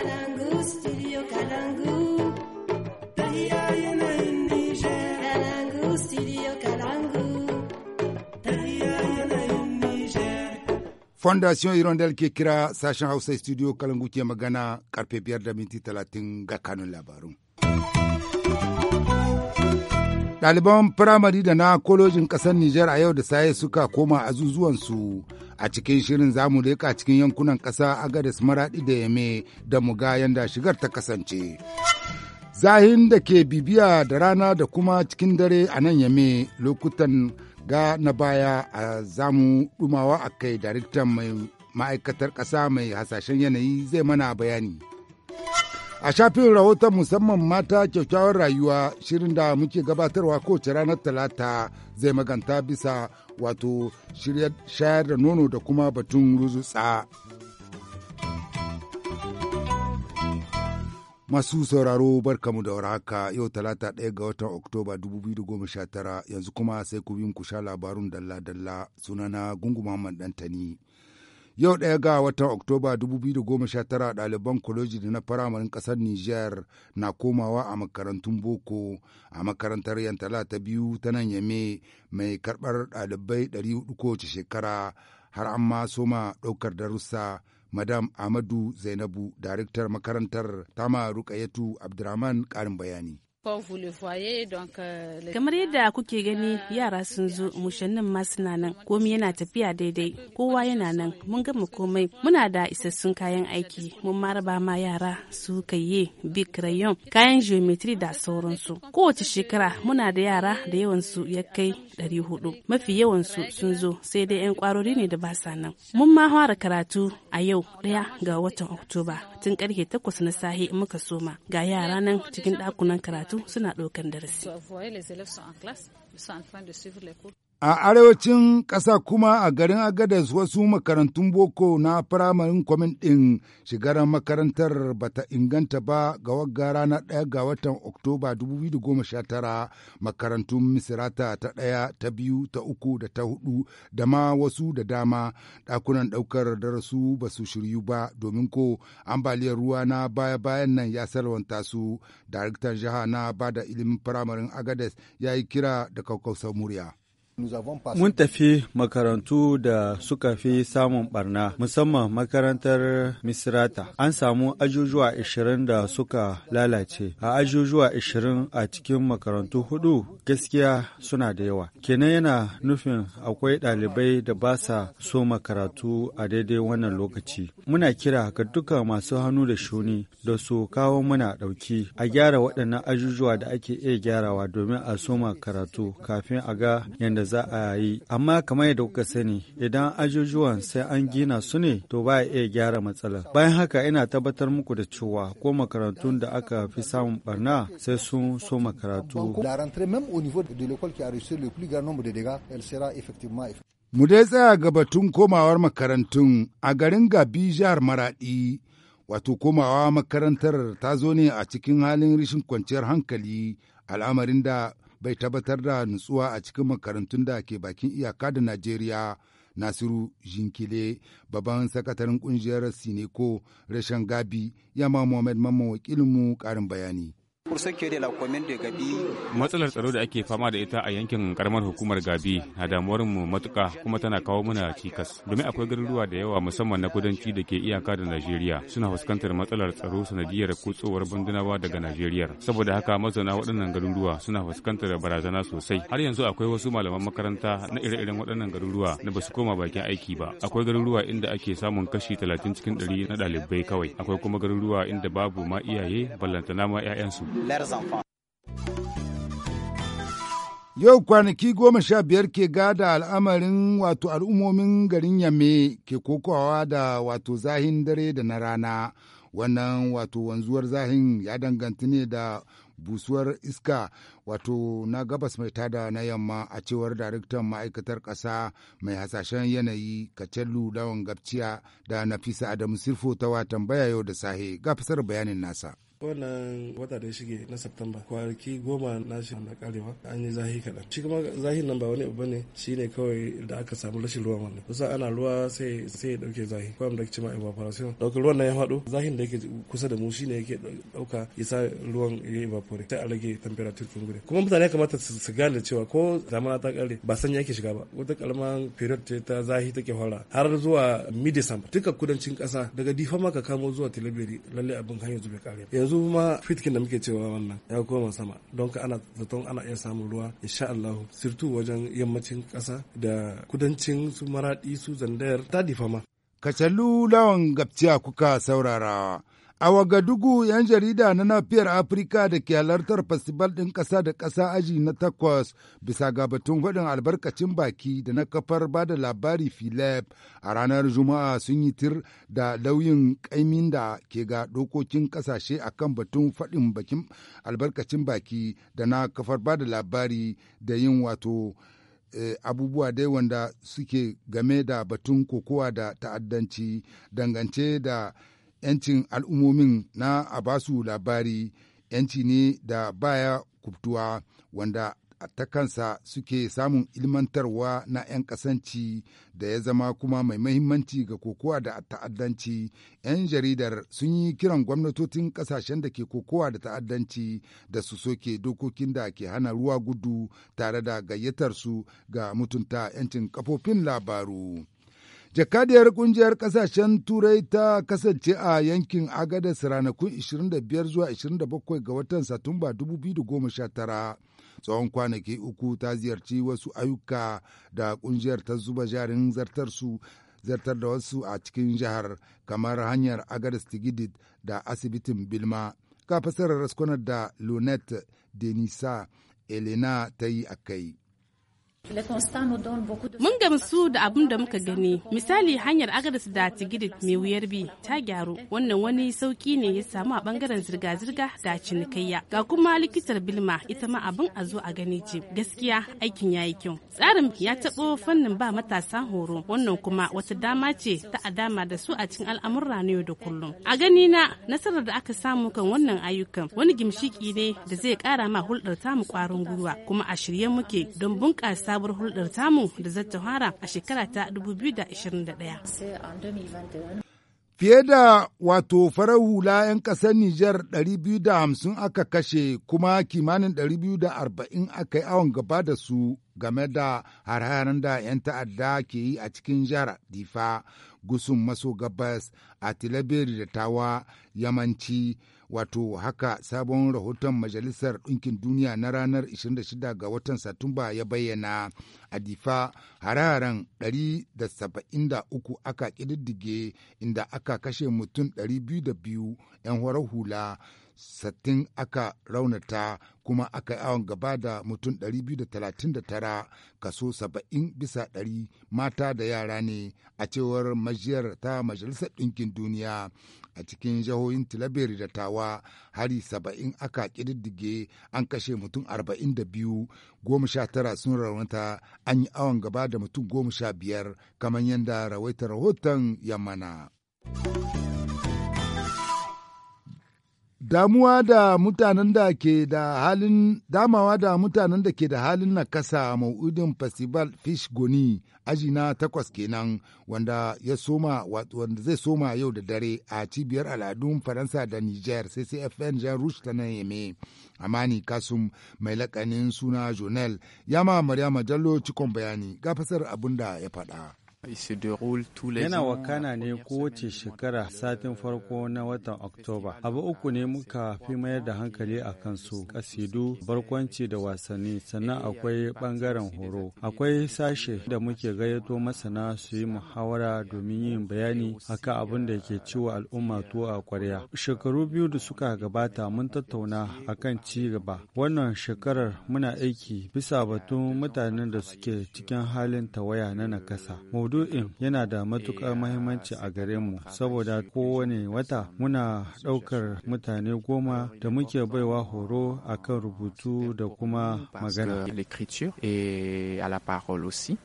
Kalangu, studio Kalangu. Fondation Hirondelle ke kira sashen Hausa studio Kalangu ke magana karfe biyar da minti talatin ga kanun labarun. Ɗaliban firamare da na kolojin ƙasar Nijar a yau da saye suka koma azuzuwansu. su a cikin shirin zamu leka cikin yankunan ƙasa agadas maraɗi da yame da ga yanda shigar ta kasance zahin da ke bibiya da rana da kuma cikin dare a nan yame lokutan ga na baya a zamu dumawa a kai daraktan mai ma'aikatar ƙasa mai hasashen yanayi zai mana bayani a shafin rahoton musamman mata kyakkyawar rayuwa shirin da muke gabatarwa kowace ranar talata zai maganta bisa wato shayar da nono da kuma batun ruzutsa. Masu sauraro barkamu da warhaka yau talata ɗaya ga watan Oktoba 2019 yanzu kuma sai ku bin ku sha labarun dalla-dalla sunana Gungu Muhammad Dantani. Yau ɗaya ga watan Oktoba 2019 ɗaliban kwaleji da na firamarin ƙasar niger na komawa a makarantun boko a makarantar Yantala ta biyu ta nan Yame mai karɓar ɗalibai 400 shekara har an ma soma ɗaukar darussa. Madam Amadu Zainabu, daraktar makarantar Tama Rukayatu Abdurrahman ƙarin bayani. Euh, Kamar yadda kuke gani euh, yara sun zo mushannin ma suna nan komi yana tafiya daidai kowa yana nan mun gama komai muna da isassun kayan aiki mun maraba ma yara su kaiye big rayon kayan geometry da sauransu kowace shekara muna da yara da yawan su ya kai 400 mafi yawan su sun zo sai dai yan kwarori ne da basa nan mun ma fara karatu a yau daya ga watan oktoba tun karfe takwas na sahe muka soma ga yara nan cikin ɗakunan karatu suna ɗaukan darasi A arewacin ƙasa kuma a garin Agadez wasu makarantun boko na firamarin kwamin ɗin shigar makarantar bata inganta ba ga wagga na ɗaya ga watan Oktoba 2019 makarantun Misirata ta ɗaya ta biyu ta uku da ta hudu da ma wasu da dama ɗakunan ɗaukar darasu ba su shiryu ba domin ko ambaliyar ruwa na baya-bayan nan ya salwanta su. Daraktan jiha na bada ilimin firamarin Agadez ya yi kira da kakkausar murya. Mun tafi makarantu da suka fi samun barna, musamman makarantar Misrata. An samu ajujuwa 20 da suka lalace. A ajujuwa 20 a cikin makarantu hudu gaskiya suna da yawa. Kenan yana nufin akwai ɗalibai da ba sa so makaratu a daidai wannan lokaci. Muna kira ga duka masu hannu da shuni da su kawo muna ɗauki a gyara waɗannan ajujuwa da ake iya gyarawa domin a so karatu kafin a ga yadda za a yi amma kamar yadda kuka sani idan ajujuwan sai an gina su ne to ba a iya gyara matsalar bayan haka ina tabbatar muku da cewa ko makarantun da aka fi samun barna sai sun so makarantu mu dai tsaya ga batun komawar makarantun a garin gabi jihar maradi wato komawa makarantar ta zo ne a cikin halin rashin kwanciyar hankali al'amarin da bai tabbatar da nutsuwa a cikin makarantun da ke bakin iyaka da Najeriya. Nasiru Jinkile, babban sakataren kungiyar Sineko, rashin Gabi, Yama Muhammad Mamman wakilinmu ƙarin bayani. Matsalar tsaro da ake fama da ita a yankin karamar hukumar Gabi na damuwar mu matuka kuma tana kawo muna cikas. Domin akwai garuruwa da yawa musamman na kudanci da ke iyaka da Najeriya suna fuskantar matsalar tsaro sanadiyar kutsowar bandunawa daga Najeriya. Saboda haka mazauna waɗannan garuruwa suna fuskantar barazana sosai. Har yanzu akwai wasu malaman makaranta na ire-iren waɗannan garuruwa da ba su koma bakin aiki ba. Akwai garuruwa inda ake samun kashi talatin cikin ɗari na ɗalibai kawai. Akwai kuma garuruwa inda babu ma iyaye ballantana ma 'ya'yansu. leurs enfants. Yau kwanaki goma sha biyar ke gada al'amarin wato al'ummomin garin yame ke kokowa da wato zahin dare da na rana. Wannan wato wanzuwar zahin ya danganta ne da busuwar iska wato na gabas mai tada na yamma a cewar daraktan ma'aikatar ƙasa mai hasashen yanayi kacellu lawan gabciya da nafisa adamu sirfo ta tambaya yau da sahe ga bayanin nasa. wannan wata da ya shige na September kwanaki goma na shi na karewa an yi zahi kaɗan shi kuma zahi nan ba wani abu ne shine kawai da aka samu rashin ruwan wannan kusa ana ruwa sai sai dauke zahi ko da ma evaporation dauki ruwan nan ya faɗo zahin da yake kusa da mu shine yake dauka ya sa ruwan ya evaporate sai a rage temperature kin gure kuma mutane kamata su gane cewa ko zamana ta kare ba sanyi yake shiga ba wata kalman period ce ta zahi take fara har zuwa mid-december duka kudancin kasa daga difa maka kamo zuwa tilabiri lalle abin hanyar zube kare yanzu yanzu ma fitkin da muke cewa wannan ya koma sama don ka ana zaton ana iya samun ruwa insha Allah sirtu wajen yammacin ƙasa da kudancin su maradi su zandayar ta difama. Kacalu lawan gabciya kuka saurarawa. A Wagadugu, 'yan jarida na nafiyar Afirka da ke halartar fasibal ɗin ƙasa da ƙasa aji na takwas bisa ga batun faɗin albarkacin baki da na kafar ba da labari Philip a ranar Juma'a sun yi tir da lauyin ƙaimin da ke ga dokokin kasashe a kan batun faɗin bakin albarkacin baki da na kafar ba da labari da yin wato E, abubuwa dai wanda suke game da batun kokowa da ta'addanci dangance da 'yancin al'ummomin na a basu labari yanci ne da baya kubtuwa wanda ta kansa suke samun ilmantarwa na 'yan kasanci da ya zama kuma mai mahimmanci ga kokowa da ta'addanci 'yan jaridar sun yi kiran gwamnatocin kasashen da ke kokowa da ta'addanci da su soke dokokin da ke hana ruwa gudu tare da gayyatar su ga mutunta 'yancin kafofin labaru. Jakadiyar kungiyar kasashen Turai ta kasance a yankin Agadas ranakun 25 zuwa 27 ga watan Satumba 2019. Tsawon kwanaki uku ta ziyarci wasu ayyuka da kungiyar ta zuba jarin zartarsu zartar da wasu a cikin jihar kamar hanyar Agadas Tigidit da asibitin Bilma. kafasar fasarar raskunar da Lunette Denisa Elena ta yi a kai. Mun gamsu da abin da muka gani. Misali hanyar Agadas da Tigidit mai wuyar bi ta gyaru. Wannan wani sauki ne ya samu a bangaren zirga-zirga da cinikayya. Ga kuma likitar Bilma ita ma abin a zo a gani ce. Gaskiya aikin ya yi kyau. Tsarin ya taɓo fannin ba matasa horo. Wannan kuma wata dama ce ta a dama da su a cikin al'amurra na yau da kullum. A gani na nasarar da aka samu kan wannan ayyukan wani gimshiki ne da zai ƙara ma hulɗar tamu ƙwarin gwiwa kuma a shirye muke don bunƙasa sabuwar hulɗar tamu da zata fara a shekara ta 2021. Fiye da wato farar hula 'yan ƙasar Nijar 250 aka kashe kuma kimanin 240 aka yi awon gaba da su game da harharen da 'yan ta'adda ke yi a cikin jihar Difa, Gusun maso gabas, a Tilaberi da Tawa, Yamanci. wato haka sabon rahoton majalisar ɗinkin duniya na ranar 26 ga watan satumba ya bayyana a difa hararen 173 aka kididdige inda aka kashe mutum 202 'yan horar hula satin aka raunata kuma aka yi awon gaba da mutum 239 kaso 70 bisa 100 mata da yara ne a cewar majiyar ta majalisar ɗinkin duniya a cikin jihohin tilaberi da tawa hari 70 aka ƙididdige an kashe mutum 42 19 sun raunata an yi awon gaba da mutum goma sha biyar kamar yadda rawaitar rahoton ya mana. damuwa da mutanen da ke da halin damawa da mutanen da ke da halin nakasa maudin festival fish goni aji na takwas kenan wanda ya soma wanda zai soma yau da dare a cibiyar al'adun faransa da niger ccfn jean rouge ta nan yame amani kasum mai lakanin suna jonel yama maryama jallo cikon bayani ga fasar abin da ya faɗa. Yana wakana ne kowace shekara satin farko na watan Oktoba. Abu uku ne muka fi mayar da hankali a kansu, kasidu, barkwanci da wasanni, sannan akwai bangaren horo. Akwai sashe da muke gayyato masana su yi muhawara domin yin bayani akan abin da ke ciwo al'umma tuwo a kwarya. Shekaru biyu da suka gabata mun tattauna akan ci gaba. Wannan shekarar muna aiki bisa batun mutanen da suke cikin halin tawaya na nakasa. maudu'in yana da matuƙar mahimmanci a gare mu saboda kowane wata muna ɗaukar mutane goma da muke baiwa horo akan rubutu da kuma magana.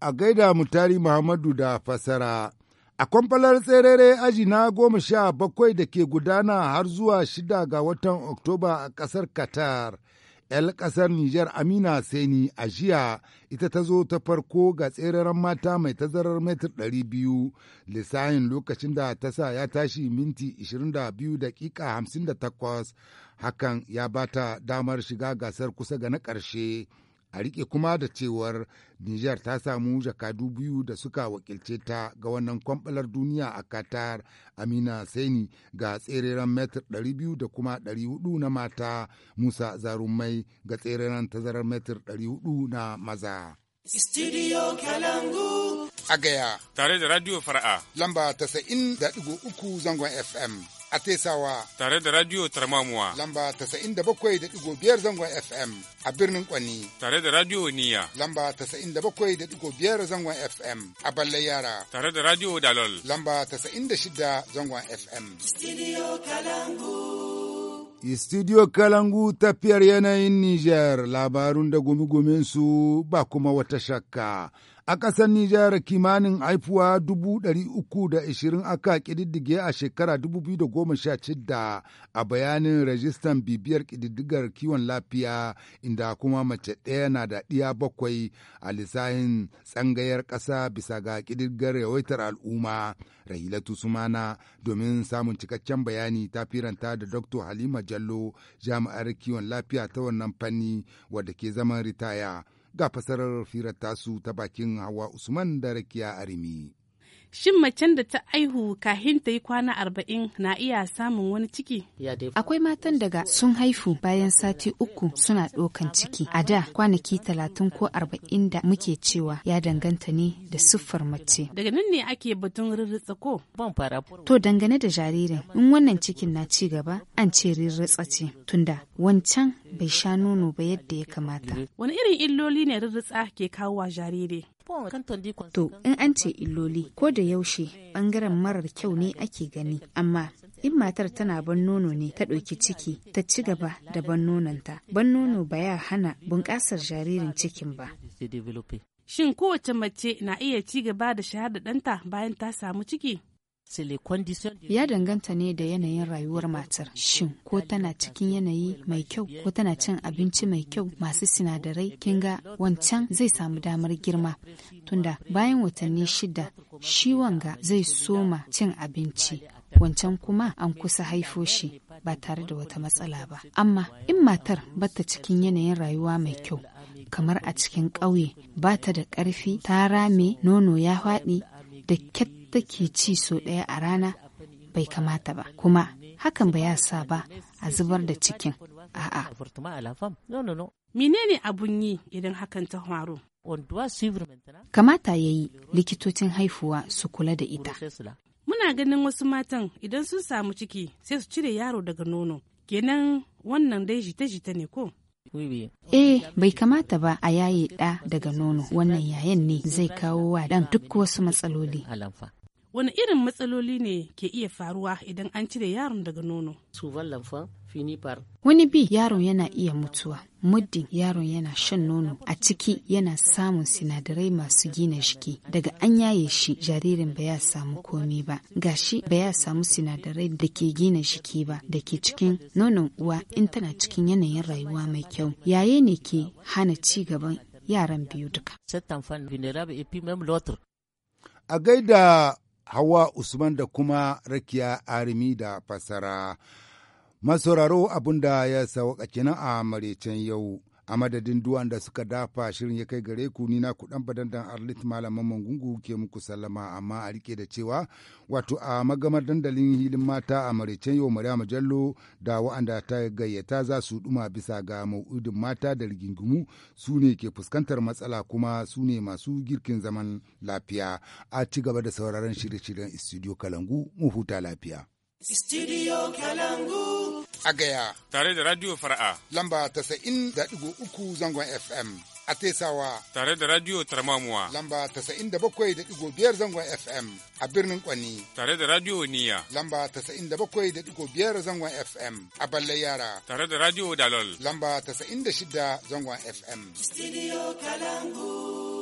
A gaida mutari Muhammadu da fasara. A kwamfalar tserere aji na goma sha bakwai da ke gudana har zuwa shida ga watan Oktoba a ƙasar Qatar. 'yar ƙasar Nijar Amina Seni a jiya ita ta zo ta farko ga tseraren mata mai tazarar ɗari biyu lissahin lokacin da ta sa ya tashi minti 22 dakika 58 hakan ya bata damar shiga gasar kusa ga na ƙarshe. a rike kuma da cewar Nijar ta samu jakadu biyu da suka wakilce ta ga wannan kwamfalar duniya a Qatar Amina Saini ga tsereren metar 200 da kuma 400 na mata Musa Zarumai ga tsereren tazarar metar 400 na maza. Studio Kalangu. A gaya. Tare da Radio Fara'a. Lamba 90.3 zangon FM. a tesawa. Tare da Radio taramamuwa Lamba 97.5 zangon FM a birnin Kwani. Tare da Radio Niya. Lamba 97.5 zangon FM a Balle Yara. Tare da Radio Dalol. Lamba 96 zangon FM. Studio Kalangu. Studio Kalangu tafiyar yanayin Nijar labarun da gumi su ba kuma wata shakka. A ƙasar Nijar kimanin haifuwa 320 aka ƙididdige a shekara 2016 a bayanin rajistan bibiyar ƙididdigar kiwon lafiya inda kuma mace ɗaya na da ɗiya bakwai a lissahin tsangayar ƙasa bisa ga ƙididdigar yawaitar al'umma. Rahilatu Sumana domin samun cikakken bayani ta firanta da Dr. Halima Jallo jami'ar kiwon lafiya ta wannan fanni wadda ke zaman ritaya. ga fasarar firar tasu ta bakin hawa Usman da Rakiya Arimi. Shin macen da ta aihu kahin ta yi kwana arba'in na iya samun wani ciki? Akwai matan daga sun haifu bayan sati uku suna ɗaukan ciki. A da kwanaki talatin ko arba'in da muke cewa ya danganta ne da siffar mace. Daga nan ne ake batun rirritsa ko? To dangane da jaririn in wannan cikin na ci gaba an ce rirritsa ce tunda wancan bai sha nono ba yadda ya kamata. Wani irin illoli ne rurrutsa ke kawo wa jariri? To, in an ce illoli, ko da yaushe bangaren marar kyau ne ake gani, amma in matar tana ban nono ne ta ɗauki ciki ta ci gaba da ban nononta, ban nono ba ya hana bunƙasar jaririn cikin ba. Shin kowace mace na iya ci gaba da shahada ɗanta bayan ta samu ciki? Ya danganta ne da yanayin rayuwar matar. Shin ko tana cikin yanayi mai kyau ko tana cin abinci mai kyau masu sinadarai kin ga wancan zai samu damar girma tunda bayan watanni shida shi wanga zai soma cin abinci wancan kuma an kusa haifo shi ba tare da wata matsala ba. Amma in matar bata cikin yanayin rayuwa mai kyau kamar a cikin ƙauye ba ta da ƙarfi ta rame nono ya faɗi da ket take ci sau ɗaya a rana bai kamata ba kuma hakan ba ya sa ba a zubar da cikin a'a. Menene abun yi idan hakan ta faru? Kamata ya yi likitocin haifuwa su kula da ita. Muna ganin wasu matan idan sun samu ciki sai su cire yaro daga nono. Kenan wannan dai jita-jita ne ko? Eh bai kamata ba a yaye ɗa daga nono wannan yayan ne zai kawo wa ɗan duk wasu matsaloli. wani irin matsaloli ne ke iya faruwa idan an cire yaron daga nono wani bi yaron yana iya mutuwa muddin yaron yana shan nono a ciki yana samun sinadarai masu gina jiki daga an yaye shi jaririn ba ya samu komi ba gashi ba ya samu sinadarai da ke gina jiki ba da ke cikin nonon uwa in tana cikin yanayin rayuwa mai kyau yaye ne ke hana ci gaban yaran biyu duka a gaida Hawa Usman da kuma Rakiya Arimi da fasara. Masauraro da ya sauka kenan a maraicen yau. a madadin duwan da suka dafa shirin ya kai gare ku nina kudan badandan arlit malaman mangungu ke muku sallama amma a rike da cewa wato a magamar dandalin hilin mata a maraicen yau maria majallo da wa'anda ta gayyata za su duma bisa ga mau'udin mata da rigingimu su ne ke fuskantar matsala kuma su ne masu girkin zaman lafiya a ci gaba da sauraron shirye-shiryen studio kalangu mu huta lafiya. Studio Kalangu. a gaya. Tare da Radio Fara'a. Lamba tasa'in da uku zangon FM. A Tesawa. Tare da Radio Tarmamuwa. Lamba 97.5 da bakwai da biyar zangon FM. A birnin Kwani. Tare da Radio Niya. Lamba 97.5 da bakwai da biyar zangon FM. A Balle Yara. Tare da Radio Dalol. Lamba 96 da zangon FM. Studio Kalangu.